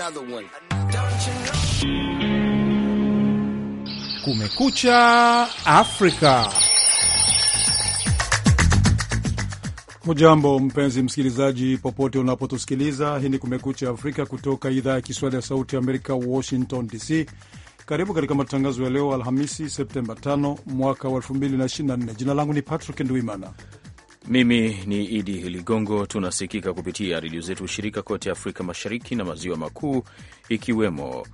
another one. Kumekucha Afrika. Hujambo mpenzi msikilizaji, popote unapotusikiliza. Hii ni Kumekucha Afrika kutoka idhaa ya Kiswahili ya Sauti ya Amerika, Washington DC. Karibu katika matangazo ya leo Alhamisi, Septemba 5 mwaka wa 2024. Jina langu ni Patrick Ndwimana mimi ni Idi Ligongo. Tunasikika kupitia redio zetu shirika kote Afrika Mashariki na Maziwa Makuu, ikiwemo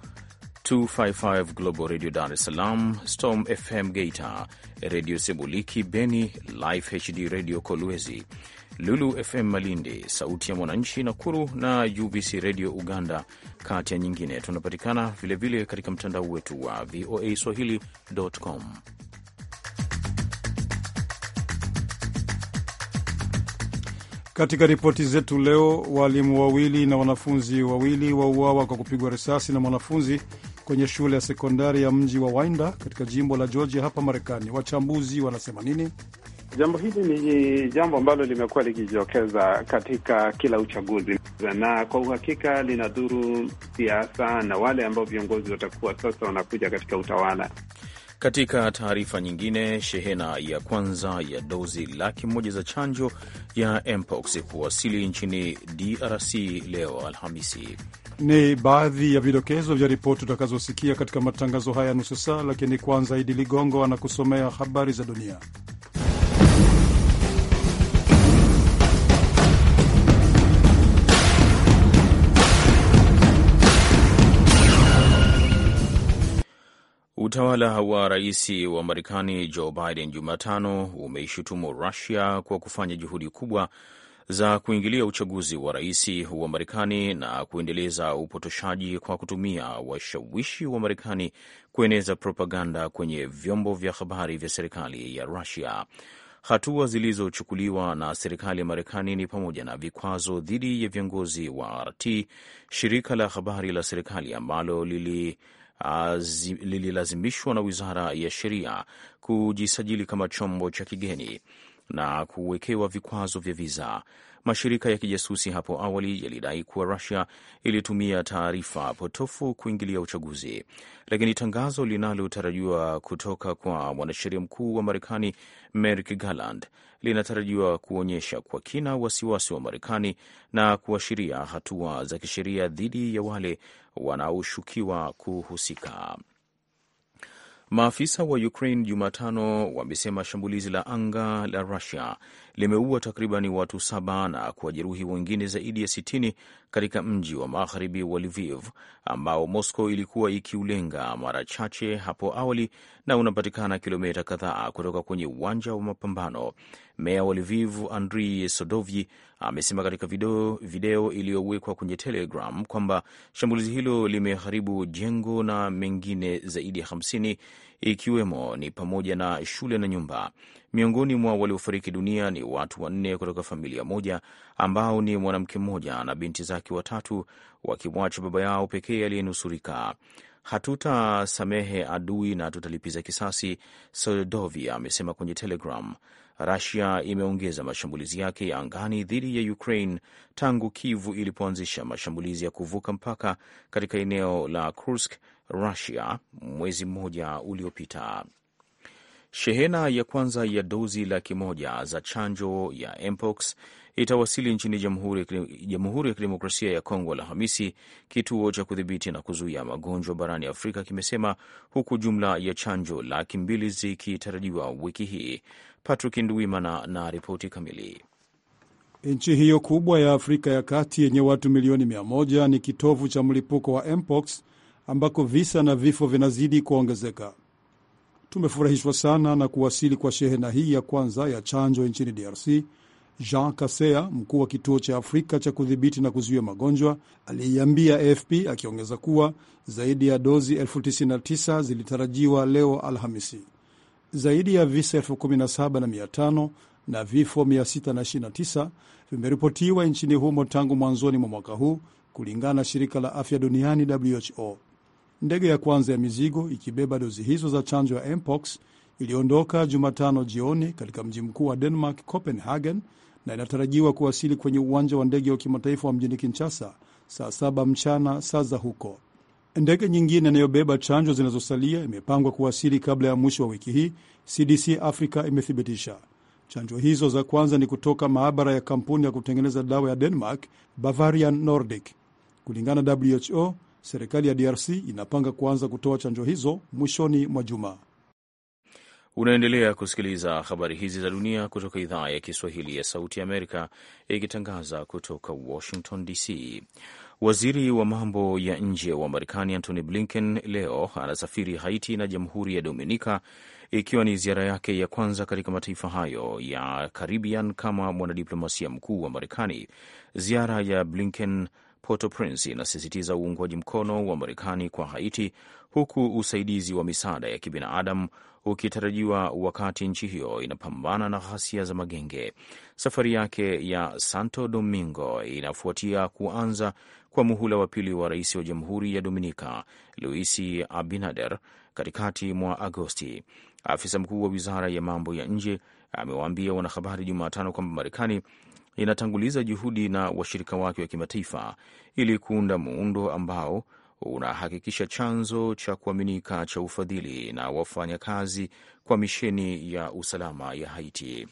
255 Global Radio Dar es Salaam, Storm FM Geita, Redio Sebuliki Beni, Life HD Radio Kolwezi, Lulu FM Malindi, Sauti ya Mwananchi Nakuru na UBC Radio Uganda, kati ya nyingine. Tunapatikana vilevile katika mtandao wetu wa VOA swahili.com. Katika ripoti zetu leo, walimu wawili na wanafunzi wawili wauawa kwa kupigwa risasi na mwanafunzi kwenye shule ya sekondari ya mji wa Winda katika jimbo la Georgia hapa Marekani. Wachambuzi wanasema nini? Jambo hili ni jambo ambalo limekuwa likijitokeza katika kila uchaguzi, na kwa uhakika linadhuru siasa na wale ambao viongozi watakuwa sasa wanakuja katika utawala. Katika taarifa nyingine, shehena ya kwanza ya dozi laki moja za chanjo ya mpox kuwasili nchini DRC leo Alhamisi. Ni baadhi ya vidokezo vya ripoti utakazosikia katika matangazo haya nusu saa, lakini kwanza, Idi Ligongo anakusomea habari za dunia. Utawala wa rais wa Marekani Joe Biden Jumatano umeishutumu Rusia kwa kufanya juhudi kubwa za kuingilia uchaguzi wa rais wa Marekani na kuendeleza upotoshaji kwa kutumia washawishi wa, wa Marekani kueneza propaganda kwenye vyombo vya habari vya serikali ya Rusia. Hatua zilizochukuliwa na serikali ya Marekani ni pamoja na vikwazo dhidi ya viongozi wa RT, shirika la habari la serikali ambalo lili Ah, lililazimishwa na Wizara ya Sheria kujisajili kama chombo cha kigeni na kuwekewa vikwazo vya viza. Mashirika ya kijasusi hapo awali yalidai kuwa Rusia ilitumia taarifa potofu kuingilia uchaguzi, lakini tangazo linalotarajiwa kutoka kwa mwanasheria mkuu wa Marekani Merrick Garland linatarajiwa kuonyesha kwa kina wasiwasi wa Marekani na kuashiria hatua za kisheria dhidi ya wale wanaoshukiwa kuhusika. Maafisa wa Ukraine Jumatano wamesema shambulizi la anga la Rusia limeua takriban watu saba na kuwajeruhi wengine zaidi ya sitini katika mji wa magharibi wa Lviv ambao Moscow ilikuwa ikiulenga mara chache hapo awali na unapatikana kilomita kadhaa kutoka kwenye uwanja wa mapambano. Meya wa Lviv Andrii Sodovyi amesema katika video, video iliyowekwa kwenye Telegram kwamba shambulizi hilo limeharibu jengo na mengine zaidi ya ikiwemo ni pamoja na shule na nyumba. Miongoni mwa waliofariki dunia ni watu wanne kutoka familia moja ambao ni mwanamke mmoja na binti zake watatu, wakimwacha baba yao pekee aliyenusurika. Hatutasamehe adui na tutalipiza kisasi, Soldovia amesema kwenye Telegram. Rasia imeongeza mashambulizi yake ya angani dhidi ya Ukraine tangu Kivu ilipoanzisha mashambulizi ya kuvuka mpaka katika eneo la Kursk, Rusia, mwezi mmoja uliopita. Shehena ya kwanza ya dozi laki moja za chanjo ya mpox itawasili nchini Jamhuri ya Kidemokrasia ya Kongo Alhamisi, kituo cha kudhibiti na kuzuia magonjwa barani Afrika kimesema, huku jumla ya chanjo laki mbili zikitarajiwa wiki hii. Patrick Nduwimana na ripoti kamili. Nchi hiyo kubwa ya Afrika ya kati yenye watu milioni 1 ni kitovu cha mlipuko wa mpox ambako visa na vifo vinazidi kuongezeka. Tumefurahishwa sana na kuwasili kwa shehena hii ya kwanza ya chanjo nchini DRC. Jean Kasea, mkuu wa kituo cha Afrika cha kudhibiti na kuzuia magonjwa, aliiambia AFP akiongeza kuwa zaidi ya dozi 99 zilitarajiwa leo Alhamisi zaidi ya visa 17,500 na vifo 629 vimeripotiwa nchini humo tangu mwanzoni mwa mwaka huu, kulingana na shirika la afya duniani WHO. Ndege ya kwanza ya mizigo ikibeba dozi hizo za chanjo ya mpox iliondoka Jumatano jioni katika mji mkuu wa Denmark, Copenhagen, na inatarajiwa kuwasili kwenye uwanja wa ndege wa kimataifa wa mjini Kinshasa saa saba mchana saa za huko. Ndege nyingine inayobeba chanjo zinazosalia imepangwa kuwasili kabla ya mwisho wa wiki hii, CDC Africa imethibitisha. Chanjo hizo za kwanza ni kutoka maabara ya kampuni ya kutengeneza dawa ya Denmark, Bavarian Nordic. Kulingana na WHO, serikali ya DRC inapanga kuanza kutoa chanjo hizo mwishoni mwa juma. Unaendelea kusikiliza habari hizi za dunia kutoka idhaa ya Kiswahili ya Sauti ya Amerika, ikitangaza kutoka Washington DC. Waziri wa mambo ya nje wa Marekani Antony Blinken leo anasafiri Haiti na Jamhuri ya Dominika, ikiwa ni ziara yake ya kwanza katika mataifa hayo ya Caribbean kama mwanadiplomasia mkuu wa Marekani. Ziara ya Blinken Port-au-Prince inasisitiza uungwaji mkono wa Marekani kwa Haiti, huku usaidizi wa misaada ya kibinadamu ukitarajiwa wakati nchi hiyo inapambana na ghasia za magenge. Safari yake ya Santo Domingo inafuatia kuanza kwa muhula wa pili wa rais wa Jamhuri ya Dominika Luis Abinader katikati mwa Agosti. Afisa mkuu wa wizara ya mambo ya nje amewaambia wanahabari Jumatano kwamba Marekani inatanguliza juhudi na washirika wake wa kimataifa ili kuunda muundo ambao unahakikisha chanzo cha kuaminika cha ufadhili na wafanyakazi kwa misheni ya usalama ya Haiti.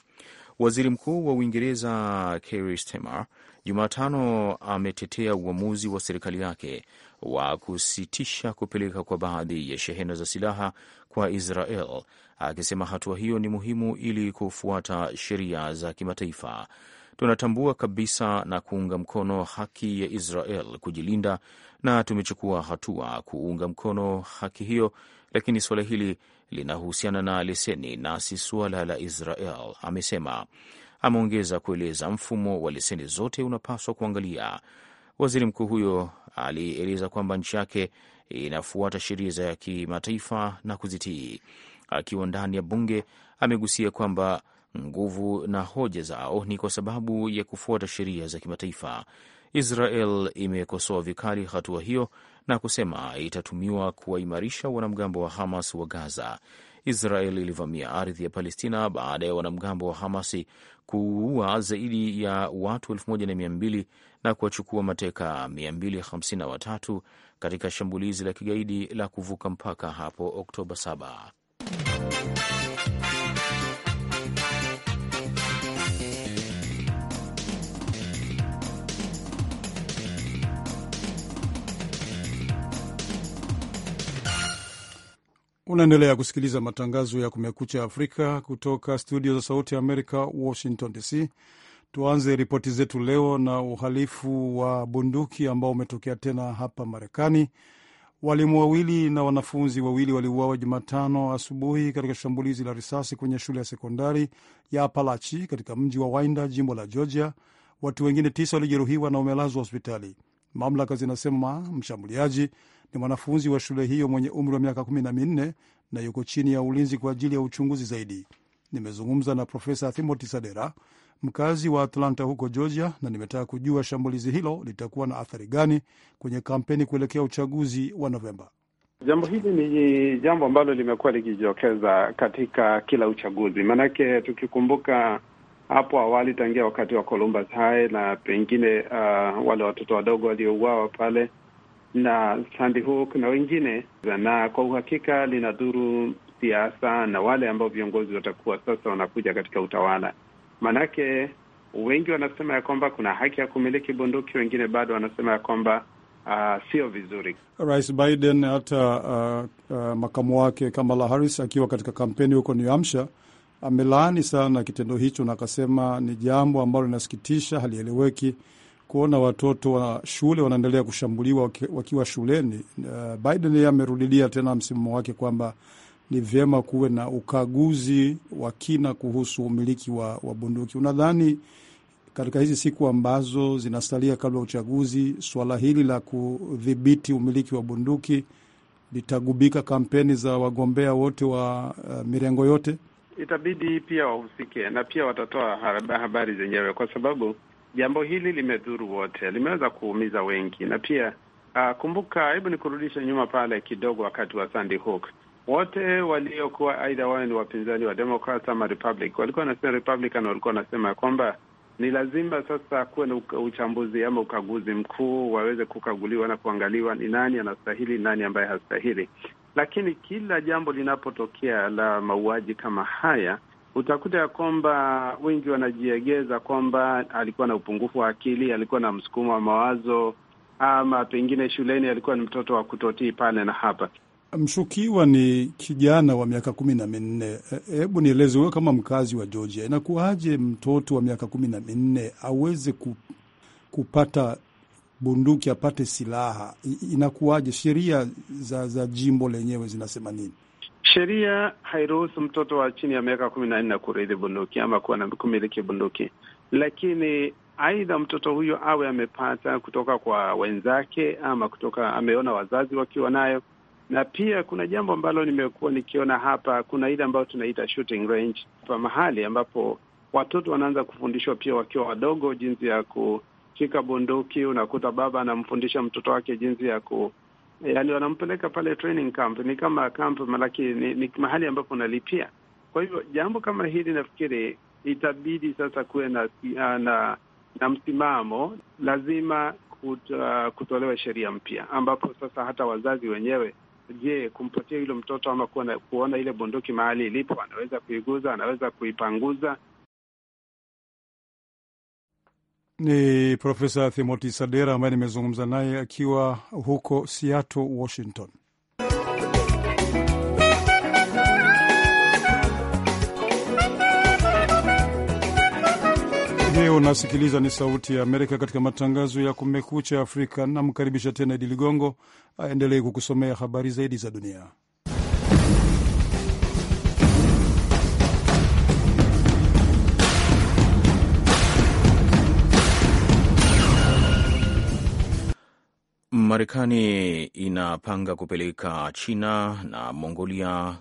Waziri Mkuu wa Uingereza Keir Starmer Jumatano ametetea uamuzi wa serikali yake wa kusitisha kupeleka kwa baadhi ya shehena za silaha kwa Israel, akisema hatua hiyo ni muhimu ili kufuata sheria za kimataifa. Tunatambua kabisa na kuunga mkono haki ya Israel kujilinda na tumechukua hatua kuunga mkono haki hiyo, lakini suala hili linahusiana na leseni na si suala la Israel, amesema ameongeza kueleza mfumo wa leseni zote unapaswa kuangalia. Waziri mkuu huyo alieleza kwamba nchi yake inafuata sheria za kimataifa na kuzitii. Akiwa ndani ya bunge, amegusia kwamba nguvu na hoja zao ni kwa sababu ya kufuata sheria za kimataifa. Israel imekosoa vikali hatua hiyo na kusema itatumiwa kuwaimarisha wanamgambo wa Hamas wa Gaza. Israel ilivamia ardhi ya Palestina baada ya wanamgambo wa Hamasi kuua zaidi ya watu elfu moja na mia mbili na kuwachukua mateka 253 katika shambulizi la kigaidi la kuvuka mpaka hapo Oktoba 7. Unaendelea kusikiliza matangazo ya Kumekucha Afrika kutoka studio za Sauti ya Amerika, Washington DC. Tuanze ripoti zetu leo na uhalifu wa bunduki ambao umetokea tena hapa Marekani. Walimu wawili na wanafunzi wawili waliuawa Jumatano asubuhi katika shambulizi la risasi kwenye shule ya sekondari ya Apalachi katika mji wa Winda, jimbo la Georgia. Watu wengine tisa walijeruhiwa na wamelazwa hospitali. Mamlaka zinasema mshambuliaji ni mwanafunzi wa shule hiyo mwenye umri wa miaka kumi na minne na yuko chini ya ulinzi kwa ajili ya uchunguzi zaidi. Nimezungumza na Profesa Timothy Sadera, mkazi wa Atlanta huko Georgia, na nimetaka kujua shambulizi hilo litakuwa na athari gani kwenye kampeni kuelekea uchaguzi wa Novemba. Jambo hili ni jambo ambalo limekuwa likijitokeza katika kila uchaguzi, maanake tukikumbuka hapo awali tangia wakati wa Columbus High na pengine uh, wale watoto wadogo waliouawa pale na Sandy Hook na wengine, na kwa uhakika linadhuru siasa na wale ambao viongozi watakuwa sasa wanakuja katika utawala. Maanake wengi wanasema ya kwamba kuna haki ya kumiliki bunduki, wengine bado wanasema ya kwamba uh, sio vizuri. Rais Biden hata uh, uh, makamu wake Kamala Harris akiwa katika kampeni huko New Hampshire amelaani sana kitendo hicho na akasema ni jambo ambalo linasikitisha, halieleweki kuona watoto wa shule wanaendelea kushambuliwa wakiwa shuleni. Eh, Biden amerudilia tena msimamo wake kwamba ni vyema kuwe na ukaguzi wa kina kuhusu umiliki wa, wa bunduki. Unadhani katika hizi siku ambazo zinasalia kabla ya uchaguzi, suala hili la kudhibiti umiliki wa bunduki litagubika kampeni za wagombea wote wa uh, mirengo yote? Itabidi pia wahusike na pia watatoa habari zenyewe kwa sababu jambo hili limedhuru wote, limeweza kuumiza wengi, na pia uh, kumbuka, hebu nikurudishe nyuma pale kidogo, wakati wa Sandy Hook wote waliokuwa aidha wawe ni wapinzani wa Democrats ama Republic walikuwa wanasema, Republican walikuwa wanasema ya kwamba ni lazima sasa kuwe na uchambuzi ama ukaguzi mkuu, waweze kukaguliwa na kuangaliwa ni nani anastahili, nani ambaye hastahili. Lakini kila jambo linapotokea la mauaji kama haya utakuta ya kwamba wengi wanajiegeza kwamba alikuwa na upungufu wa akili, alikuwa na msukumo wa mawazo, ama pengine shuleni alikuwa ni mtoto wa kutotii pale na hapa. Mshukiwa ni kijana wa miaka kumi na minne. Hebu nieleze wewe kama mkazi wa Georgia, inakuwaje mtoto wa miaka kumi na minne aweze ku, kupata bunduki apate silaha? Inakuwaje? Sheria za, za jimbo lenyewe zinasema nini? Sheria hairuhusu mtoto wa chini ya miaka kumi na nne kurithi bunduki ama kuwa na kumiliki bunduki, lakini aidha mtoto huyo awe amepata kutoka kwa wenzake ama kutoka ameona wazazi wakiwa nayo. Na pia kuna jambo ambalo nimekuwa nikiona hapa, kuna ile ambayo tunaita shooting range, pa mahali ambapo watoto wanaanza kufundishwa pia wakiwa wadogo jinsi ya kushika bunduki. Unakuta baba anamfundisha mtoto wake jinsi ya ku yani wanampeleka pale training camp, ni kama camp malaki, ni, ni mahali ambapo unalipia. Kwa hivyo jambo kama hili nafikiri itabidi sasa kuwe na, na, na msimamo, lazima uh, kutolewa sheria mpya ambapo sasa hata wazazi wenyewe Je, kumpatia yule mtoto ama kuona, kuona ile bunduki mahali ilipo, anaweza kuiguza, anaweza kuipanguza, ni Profesa Timothy Sadera ambaye nimezungumza naye akiwa huko Seattle, Washington. Hii unasikiliza ni Sauti ya Amerika katika matangazo ya Kumekucha Afrika. Namkaribisha tena Idi Ligongo aendelee kukusomea habari zaidi za dunia. Marekani inapanga kupeleka China na Mongolia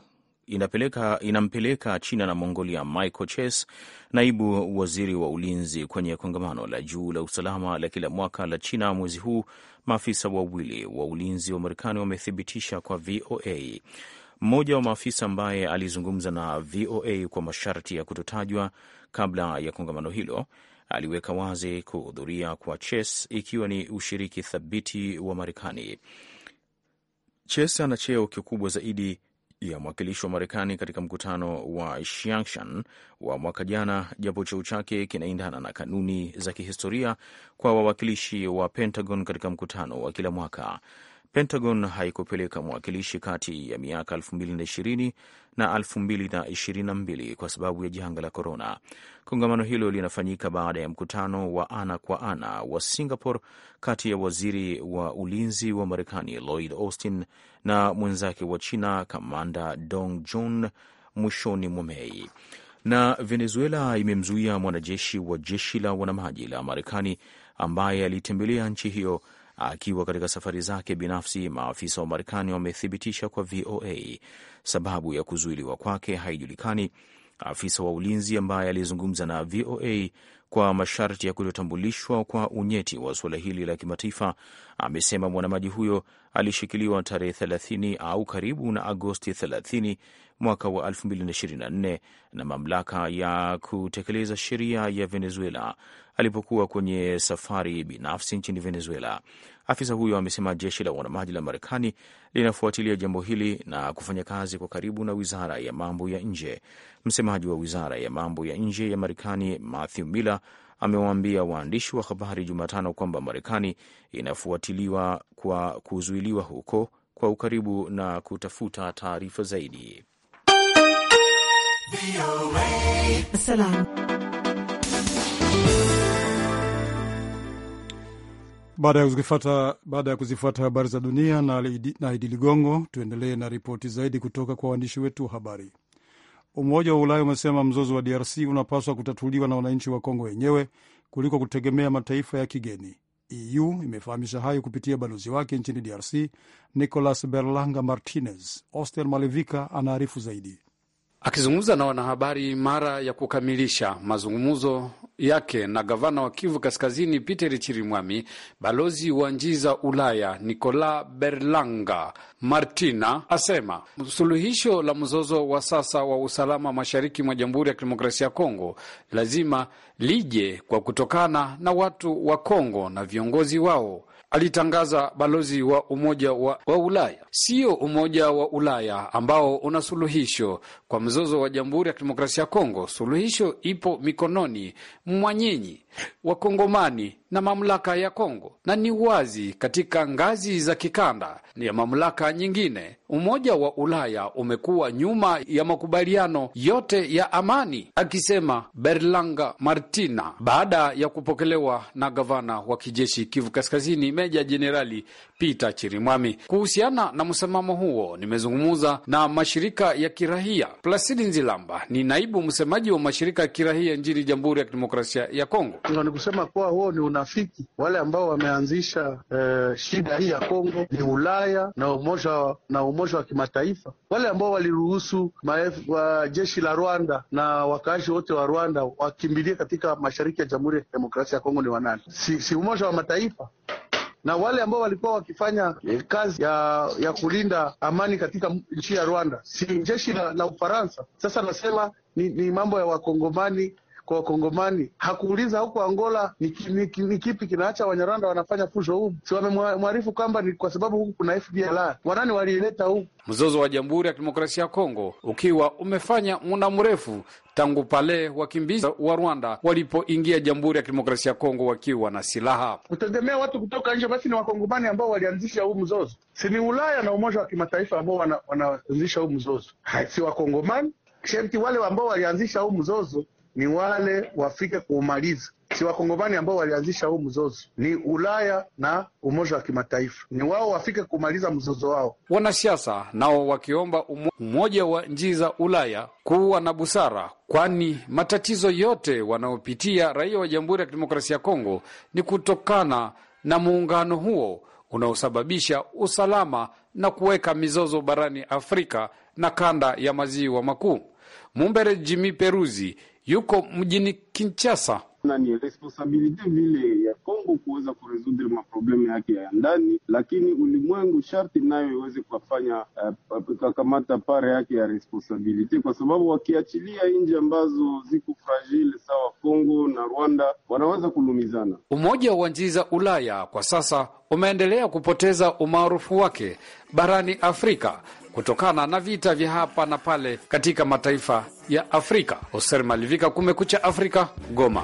inapeleka inampeleka China na Mongolia Michael Chase, naibu waziri wa ulinzi, kwenye kongamano la juu la usalama la kila mwaka la China mwezi huu. Maafisa wawili wa ulinzi wa Marekani wamethibitisha kwa VOA. Mmoja wa maafisa ambaye alizungumza na VOA kwa masharti ya kutotajwa kabla ya kongamano hilo aliweka wazi kuhudhuria kwa Chase ikiwa ni ushiriki thabiti wa Marekani. Chase ana cheo kikubwa zaidi ya mwakilishi wa Marekani katika mkutano wa Xiangshan wa mwaka jana, japo cheo chake kinaendana na kanuni za kihistoria kwa wawakilishi wa Pentagon katika mkutano wa kila mwaka. Pentagon haikupeleka mwakilishi kati ya miaka 2020 na 2022 kwa sababu ya janga la korona. Kongamano hilo linafanyika baada ya mkutano wa ana kwa ana wa Singapore kati ya waziri wa ulinzi wa Marekani Lloyd Austin na mwenzake wa China kamanda Dong Jun mwishoni mwa Mei. Na Venezuela imemzuia mwanajeshi wa jeshi la wanamaji la Marekani ambaye alitembelea nchi hiyo akiwa katika safari zake binafsi, maafisa wa Marekani wamethibitisha kwa VOA. Sababu ya kuzuiliwa kwake haijulikani. Afisa wa ulinzi ambaye alizungumza na VOA kwa masharti ya kutotambulishwa kwa unyeti wa suala hili la kimataifa amesema mwanamaji huyo alishikiliwa tarehe 30 au karibu na Agosti mwaka wa 2024 na mamlaka ya kutekeleza sheria ya Venezuela alipokuwa kwenye safari binafsi nchini Venezuela. Afisa huyo amesema jeshi la wanamaji la Marekani linafuatilia jambo hili na kufanya kazi kwa karibu na wizara ya mambo ya nje. Msemaji wa wizara ya mambo ya nje ya Marekani Matthew Miller amewaambia waandishi wa habari Jumatano kwamba Marekani inafuatiliwa kwa kuzuiliwa huko kwa ukaribu na kutafuta taarifa zaidi. Baada ya kuzifuata baada ya kuzifuata habari za dunia na Idi Ligongo, tuendelee na ripoti zaidi kutoka kwa waandishi wetu wa habari. Umoja wa Ulaya umesema mzozo wa DRC unapaswa kutatuliwa na wananchi wa Kongo wenyewe kuliko kutegemea mataifa ya kigeni. EU imefahamisha hayo kupitia balozi wake nchini DRC Nicolas Berlanga Martinez. Oster Malevika anaarifu zaidi. Akizungumza na wanahabari mara ya kukamilisha mazungumzo yake na gavana wa Kivu Kaskazini Peter Chirimwami, balozi wa njii za Ulaya Nicola Berlanga Martina asema suluhisho la mzozo wa sasa wa usalama mashariki mwa Jamhuri ya Kidemokrasia ya Kongo lazima lije kwa kutokana na watu wa Kongo na viongozi wao alitangaza balozi wa Umoja wa, wa Ulaya. Sio Umoja wa Ulaya ambao una suluhisho kwa mzozo wa Jamhuri ya Kidemokrasia ya Kongo. Suluhisho ipo mikononi mwa nyinyi Wakongomani na mamlaka ya Kongo, na ni wazi katika ngazi za kikanda ya mamlaka nyingine. Umoja wa Ulaya umekuwa nyuma ya makubaliano yote ya amani, akisema Berlanga Martina baada ya kupokelewa na gavana wa kijeshi Kivu Kaskazini meja jenerali Peter Chirimwami. Kuhusiana na msimamo huo, nimezungumza na mashirika ya kirahia. Plasidi Nzilamba ni naibu msemaji wa mashirika ya kirahia nchini Jamhuri ya Kidemokrasia ya Kongo. Ni kusema kuwa huo ni unafiki. Wale ambao wameanzisha eh, shida hii ya Kongo ni Ulaya na umoja, na umoja wa kimataifa, wale ambao waliruhusu maef, wa jeshi la Rwanda na wakaaji wote wa Rwanda wakimbilie katika mashariki ya Jamhuri ya Kidemokrasia ya Kongo ni wanani? Si, si umoja wa mataifa na wale ambao walikuwa wakifanya eh, kazi ya, ya kulinda amani katika nchi ya Rwanda si jeshi la, la Ufaransa. Sasa nasema ni, ni mambo ya Wakongomani kwa Wakongomani. Hakuuliza huko Angola ni, ni, ni, ni kipi kinaacha Wanyarwanda wanafanya fujo huu, Si wamemwarifu kwamba ni kwa sababu huku kuna FDLR. Wanani waliileta huku? Mzozo wa Jamhuri ya Kidemokrasia ya Kongo ukiwa umefanya muda mrefu tangu pale wakimbizi wa Rwanda walipoingia Jamhuri ya Kidemokrasia ya Kongo wakiwa na silaha. Kutegemea watu kutoka nje, basi ni Wakongomani ambao walianzisha huu mzozo, si ni Ulaya na Umoja wa Kimataifa ambao wanaanzisha wana huu mzozo, si Wakongomani shemti wale ambao walianzisha huu mzozo ni wale wafike kuumaliza, si wakongomani ambao walianzisha huu mzozo, ni Ulaya na umoja wa kimataifa, ni wao wafike kumaliza mzozo wao. Wanasiasa nao wakiomba umoja wa nchi za Ulaya kuwa na busara, kwani matatizo yote wanaopitia raia wa Jamhuri ya Kidemokrasia ya Kongo ni kutokana na muungano huo unaosababisha usalama na kuweka mizozo barani Afrika na kanda ya maziwa makuu. Mumbere Jimi Peruzi yuko mjini Kinshasa. Na ni responsabilite vile ya Kongo kuweza kuresudre maproblemu yake ya ndani, lakini ulimwengu sharti nayo iweze kufanya ikakamata eh, uh, pare yake ya responsabilite, kwa sababu wakiachilia nje ambazo ziko fragile sawa Kongo na Rwanda wanaweza kulumizana. Umoja wa nchi za Ulaya kwa sasa umeendelea kupoteza umaarufu wake barani Afrika kutokana na vita vya hapa na pale katika mataifa ya Afrika. Hoser Malivika, Kumekucha Afrika, Goma.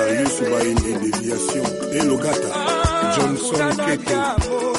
Ayusu Baine Déviation, Elogata, Johnson Keto.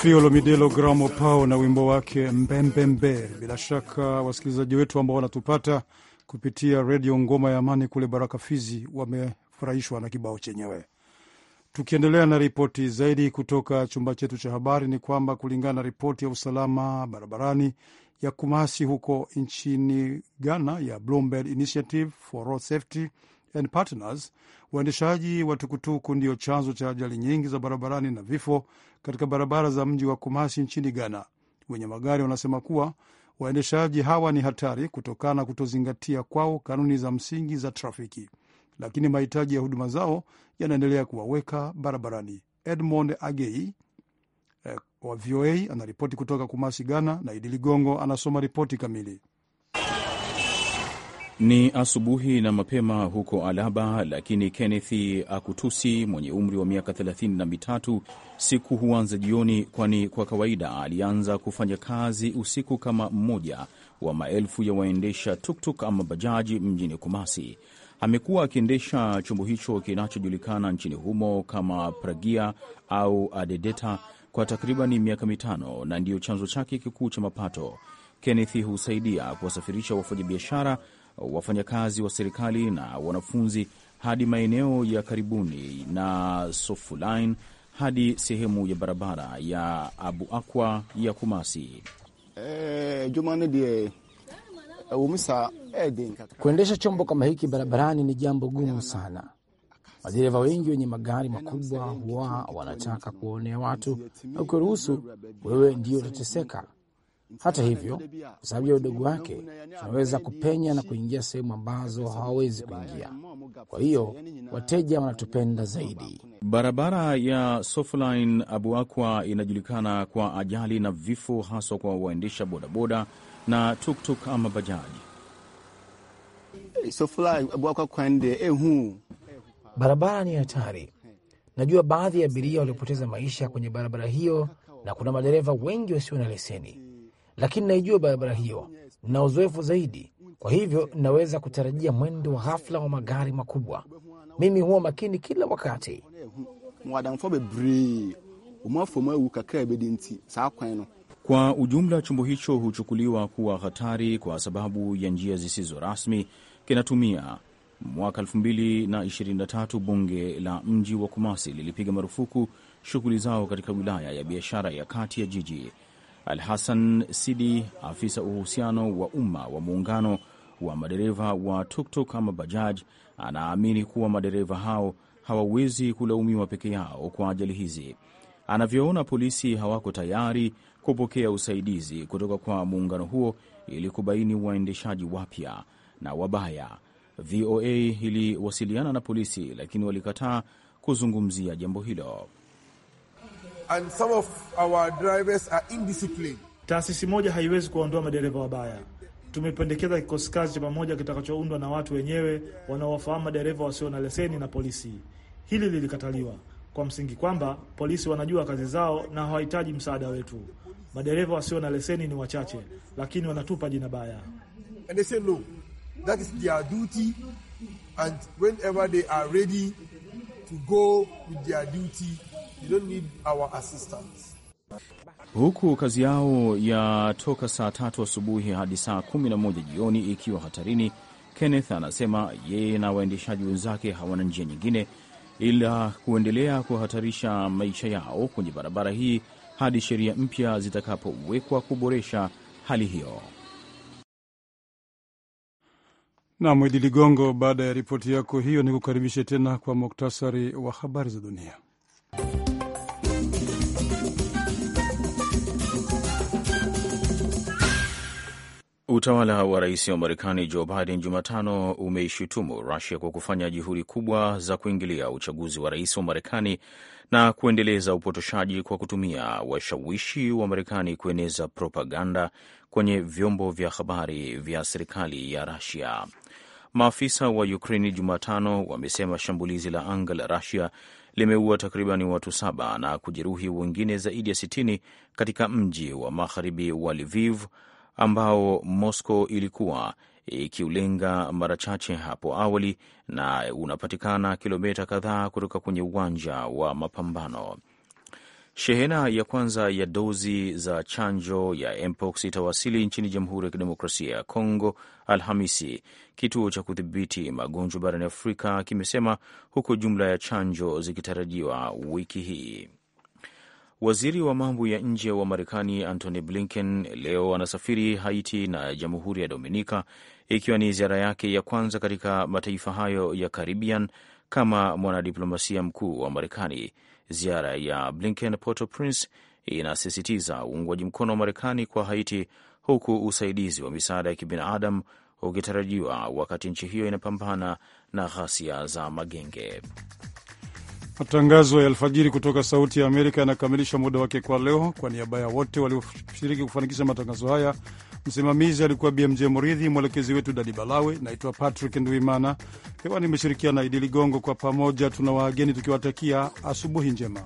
Friolo Midelo Gramo Pao na wimbo wake Mbembembe mbe. Bila shaka wasikilizaji wetu ambao wanatupata kupitia redio Ngoma ya Amani kule Baraka, Fizi, wamefurahishwa na kibao chenyewe. Tukiendelea na ripoti zaidi kutoka chumba chetu cha habari ni kwamba kulingana na ripoti ya usalama barabarani ya Kumasi huko nchini Ghana ya Bloomberg Initiative for Road Safety and Partners, waendeshaji wa tukutuku ndio chanzo cha ajali nyingi za barabarani na vifo katika barabara za mji wa Kumasi nchini Ghana. Wenye magari wanasema kuwa waendeshaji hawa ni hatari kutokana na kutozingatia kwao kanuni za msingi za trafiki, lakini mahitaji ya huduma zao yanaendelea kuwaweka barabarani. Edmond Agei eh, wa VOA anaripoti kutoka Kumasi, Ghana, na Idi Ligongo anasoma ripoti kamili. Ni asubuhi na mapema huko Alaba, lakini Kenneth Akutusi mwenye umri wa miaka thelathini na mitatu, siku huanza jioni, kwani kwa kawaida alianza kufanya kazi usiku kama mmoja wa maelfu ya waendesha tuktuk ama bajaji mjini Kumasi. Amekuwa akiendesha chombo hicho kinachojulikana nchini humo kama Pragia au Adedeta kwa takribani miaka mitano na ndiyo chanzo chake kikuu cha mapato. Kenneth husaidia kuwasafirisha wafanyabiashara wafanyakazi wa serikali na wanafunzi hadi maeneo ya karibuni na Sofuline hadi sehemu ya barabara ya Abu Akwa ya Kumasi. Eh, eh, eh, kuendesha chombo kama hiki barabarani ni jambo gumu sana. Madereva wengi wenye magari makubwa huwa wanataka kuwaonea watu na ukiruhusu, wewe ndio utateseka. Hata hivyo, kwa sababu ya udogo wake, tunaweza kupenya na kuingia sehemu ambazo hawawezi kuingia. Kwa hiyo wateja wanatupenda zaidi. Barabara ya Sofline Abuakwa inajulikana kwa ajali na vifo, haswa kwa waendesha bodaboda na tuktuk ama bajaji. Barabara ni hatari. Najua baadhi ya abiria waliopoteza maisha kwenye barabara hiyo, na kuna madereva wengi wasio na leseni lakini naijua barabara hiyo na uzoefu zaidi, kwa hivyo naweza kutarajia mwendo wa ghafla wa magari makubwa. Mimi huwa makini kila wakati. Kwa ujumla, chombo hicho huchukuliwa kuwa hatari kwa sababu ya njia zisizo rasmi kinatumia. Mwaka 2023 bunge la mji wa Kumasi lilipiga marufuku shughuli zao katika wilaya ya biashara ya kati ya jiji. Al Hassan Sidi, afisa uhusiano wa umma wa muungano wa madereva wa tuktuk ama bajaj anaamini kuwa madereva hao hawawezi kulaumiwa peke yao kwa ajali hizi. Anavyoona, polisi hawako tayari kupokea usaidizi kutoka kwa muungano huo ili kubaini waendeshaji wapya na wabaya. VOA iliwasiliana na polisi lakini walikataa kuzungumzia jambo hilo and some of our drivers are indisciplined. Taasisi moja haiwezi kuwaondoa madereva wabaya. Tumependekeza kikosi kazi cha pamoja kitakachoundwa na watu wenyewe wanaowafahamu madereva wasio na leseni na polisi. Hili lilikataliwa kwa msingi kwamba polisi wanajua kazi zao na hawahitaji msaada wetu. Madereva wasio na leseni ni wachache, lakini wanatupa jina baya. to go with their duty You don't need our assistance. Huku kazi yao ya toka saa tatu asubuhi hadi saa kumi na moja jioni ikiwa hatarini, Kenneth anasema yeye na waendeshaji wenzake hawana njia nyingine ila kuendelea kuhatarisha maisha yao kwenye barabara hii hadi sheria mpya zitakapowekwa kuboresha hali hiyo. Na Mwidi Ligongo, baada ya ripoti yako hiyo, ni kukaribishe tena kwa muktasari wa habari za dunia. Utawala wa rais wa Marekani Joe Biden Jumatano umeishutumu Rusia kwa kufanya juhudi kubwa za kuingilia uchaguzi wa rais wa Marekani na kuendeleza upotoshaji kwa kutumia washawishi wa Marekani kueneza propaganda kwenye vyombo vya habari vya serikali ya Rusia. Maafisa wa Ukraini Jumatano wamesema shambulizi la anga la Rusia limeua takriban watu saba na kujeruhi wengine zaidi ya sitini katika mji wa magharibi wa Lviv ambao Moscow ilikuwa ikiulenga mara chache hapo awali na unapatikana kilomita kadhaa kutoka kwenye uwanja wa mapambano. Shehena ya kwanza ya dozi za chanjo ya mpox itawasili nchini Jamhuri ya Kidemokrasia ya Kongo Alhamisi, kituo cha kudhibiti magonjwa barani Afrika kimesema, huku jumla ya chanjo zikitarajiwa wiki hii. Waziri wa mambo ya nje wa Marekani Antony Blinken leo anasafiri Haiti na Jamhuri ya Dominika, ikiwa ni ziara yake ya kwanza katika mataifa hayo ya Karibian kama mwanadiplomasia mkuu wa Marekani. Ziara ya Blinken Porto prince inasisitiza uungwaji mkono wa Marekani kwa Haiti, huku usaidizi wa misaada ya kibinadamu ukitarajiwa wakati nchi hiyo inapambana na ghasia za magenge. Matangazo ya alfajiri kutoka Sauti ya Amerika yanakamilisha muda wake kwa leo. Kwa niaba ya wote walioshiriki kufanikisha matangazo haya Msimamizi alikuwa BMJ Muridhi, mwelekezi wetu Dadi Balawe. Naitwa Patrick Nduimana, hewani nimeshirikiana na Idi Ligongo. Kwa pamoja tuna wageni tukiwatakia asubuhi njema.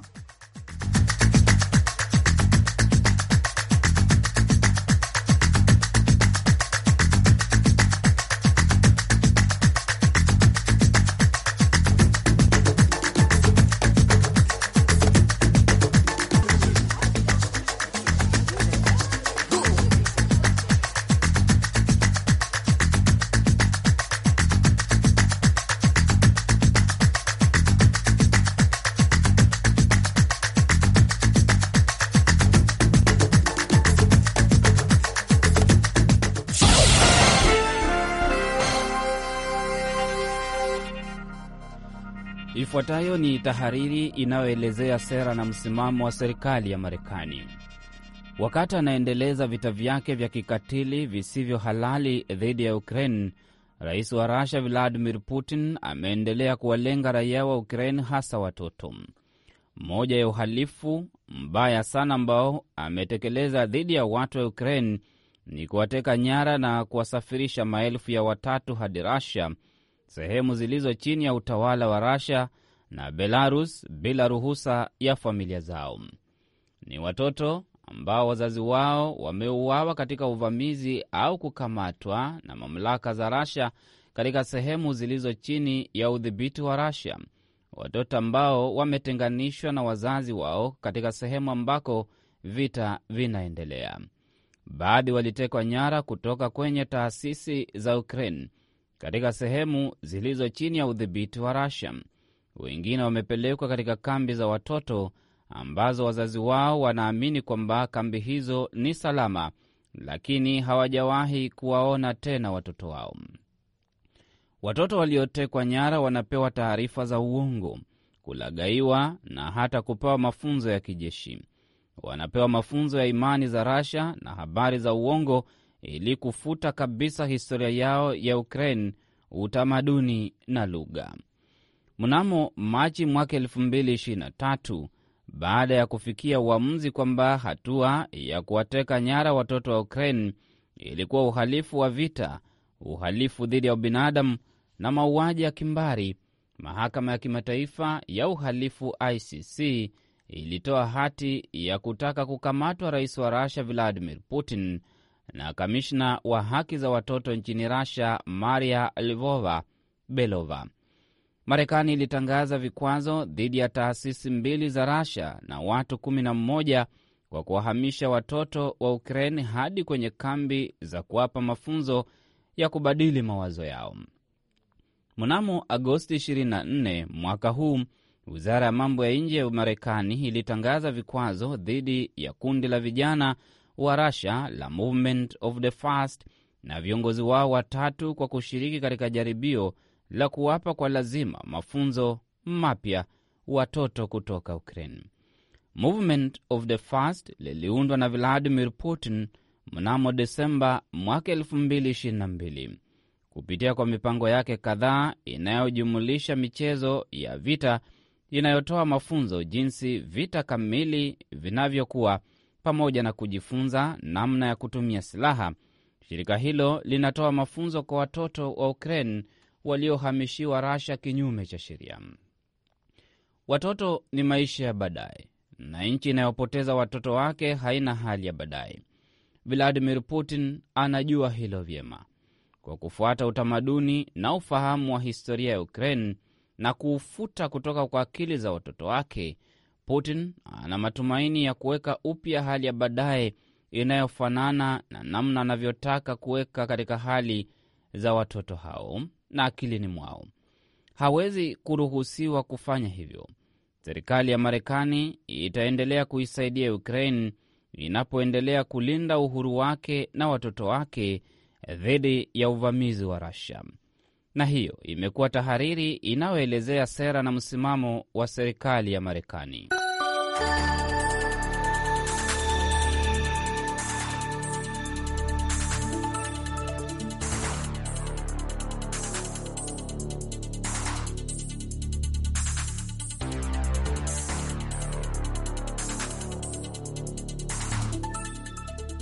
Ifuatayo ni tahariri inayoelezea sera na msimamo wa serikali ya Marekani. Wakati anaendeleza vita vyake vya kikatili visivyo halali dhidi ya Ukraine, rais wa Rusia Vladimir Putin ameendelea kuwalenga raia wa Ukraine, hasa watoto. Moja ya uhalifu mbaya sana ambao ametekeleza dhidi ya watu wa Ukraine ni kuwateka nyara na kuwasafirisha maelfu ya watatu hadi rasia sehemu zilizo chini ya utawala wa Russia na Belarus bila ruhusa ya familia zao. Ni watoto ambao wazazi wao wameuawa katika uvamizi au kukamatwa na mamlaka za rasha katika sehemu zilizo chini ya udhibiti wa rasia watoto ambao wametenganishwa na wazazi wao katika sehemu ambako vita vinaendelea. Baadhi walitekwa nyara kutoka kwenye taasisi za Ukraine katika sehemu zilizo chini ya udhibiti wa rasia wengine wamepelekwa katika kambi za watoto ambazo wazazi wao wanaamini kwamba kambi hizo ni salama, lakini hawajawahi kuwaona tena watoto wao. Watoto waliotekwa nyara wanapewa taarifa za uongo, kulagaiwa na hata kupewa mafunzo ya kijeshi. Wanapewa mafunzo ya imani za Rasha na habari za uongo ili kufuta kabisa historia yao ya Ukraine, utamaduni na lugha mnamo Machi mwaka 223 baada ya kufikia uamuzi kwamba hatua ya kuwateka nyara watoto wa Ukraine ilikuwa uhalifu wa vita, uhalifu dhidi ya ubinadamu na mauaji ya kimbari. Mahakama ya Kimataifa ya Uhalifu ICC ilitoa hati ya kutaka kukamatwa rais wa Russia Vladimir Putin na kamishna wa haki za watoto nchini Russia Maria Lvova Belova. Marekani ilitangaza vikwazo dhidi ya taasisi mbili za Rasha na watu 11 kwa kuwahamisha watoto wa ukrain hadi kwenye kambi za kuwapa mafunzo ya kubadili mawazo yao. Mnamo Agosti 24 mwaka huu, wizara ya mambo ya nje ya Marekani ilitangaza vikwazo dhidi ya kundi la vijana wa rasha la Movement of the First na viongozi wao watatu kwa kushiriki katika jaribio la kuwapa kwa lazima mafunzo mapya watoto kutoka Ukraine. Movement of the First liliundwa na Vladimir Putin mnamo Desemba mwaka 2022 kupitia kwa mipango yake kadhaa inayojumulisha michezo ya vita inayotoa mafunzo jinsi vita kamili vinavyokuwa pamoja na kujifunza namna ya kutumia silaha. Shirika hilo linatoa mafunzo kwa watoto wa Ukraine waliohamishiwa Rasha kinyume cha sheria. Watoto ni maisha ya baadaye, na nchi inayopoteza watoto wake haina hali ya baadaye. Vladimir Putin anajua hilo vyema. Kwa kufuata utamaduni na ufahamu wa historia ya Ukraine na kuufuta kutoka kwa akili za watoto wake, Putin ana matumaini ya kuweka upya hali ya baadaye inayofanana na namna anavyotaka kuweka katika hali za watoto hao na akilini mwao. Hawezi kuruhusiwa kufanya hivyo. Serikali ya Marekani itaendelea kuisaidia Ukraine inapoendelea kulinda uhuru wake na watoto wake dhidi ya uvamizi wa rasia Na hiyo imekuwa tahariri inayoelezea sera na msimamo wa serikali ya Marekani.